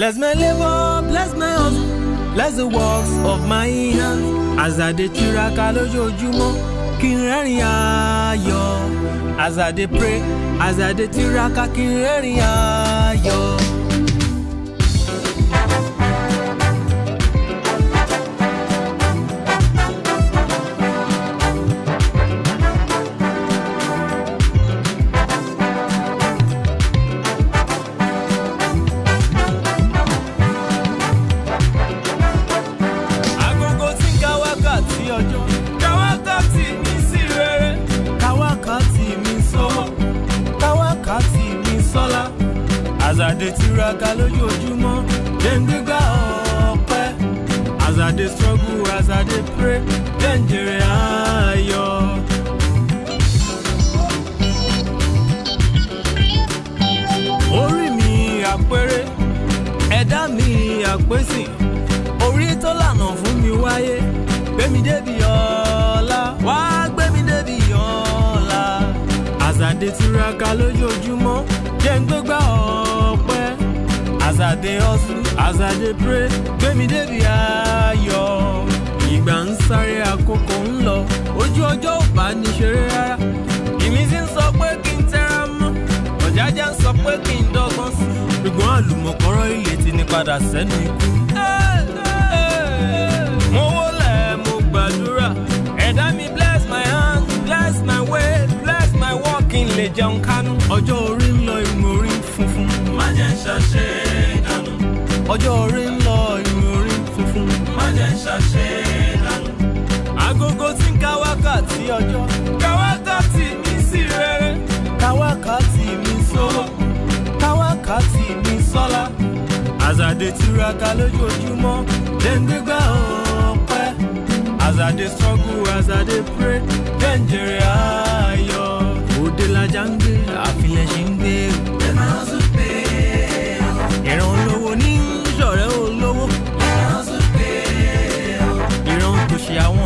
Bless my labor, bless my hustle, bless the works of my hands. As I dey tiraka lójoojúmọ́, kí n rẹ́rìn ayọ̀. As I dey pray, as I dey tiraka, kí n rẹ́rìn ayọ̀. dé tiraka lójoojúmọ́ jẹ́ ń gbégbá struggle as I pray jẹ́ ń jèrè ayọ̀. orí mi àpérè ẹ̀dá mi àpésìn orí tó lànà fún mi wáyé gbé mi débi ọ̀la wá gbé mi débi ọ̀la as I dey tiraka lójoojúmọ́ jẹ́ ń dey hustle, as I dey pray, gbẹ̀mí débi ayọ̀. Ìgbà ń sáré àkókò ń lọ, ojú ọjọ́ ò bá ní ṣeré rárá. Ìmísí ń sọ pé kí n tẹ́ra mọ́, ọ̀jájá ń sọ pé kí n dọ́gbọ́n sí. Ṣùgbọ́n àlùmọ̀kọ́rọ́ ilé ti ní padà sẹ́nu ikú. Mo wólẹ̀, mo gbàdúrà, ẹ̀dá mi bless my hand, bless my way, bless my walk, kí n lè jẹun kánú. Ọjọ́ orí ń lọ ìmọ̀ orí funfun. Má jẹ́ ṣàṣeyẹ ọjọ́ orí ń lọ ìrìn orí funfun. má jẹ́ ń ṣàṣe lánàá. agogo tí ń ka wákàtí ọjọ́. ka wákàtí mi sí rere. ka wákàtí mi sówó. ka wákàtí mi sọ́lá. àzàdé tiraka lójoojúmọ́ dẹ́ngbẹ́gbà ọ̀pẹ. àzàdé struggle àzàdé pray jẹ́ǹjẹ̀rẹ̀ ayọ̀. òde lajá ń gbé àfilẹ̀ ṣe ń Yeah. I want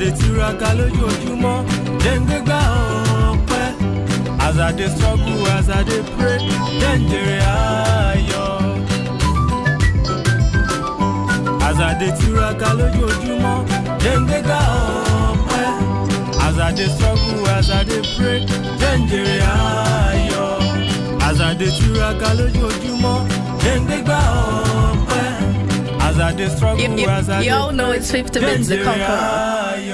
ṣàdé túraká lójoojúmọ́ jẹ́ ọpẹ́ as struggle as pray jẹ́ ayọ̀. as I lójoojúmọ́ jẹ́ ọpẹ́ as struggle as pray jẹ́ ayọ̀. as I lójoojúmọ́ jẹ́ ọpẹ́. you, you, you all know it's 50 minutes to conquer.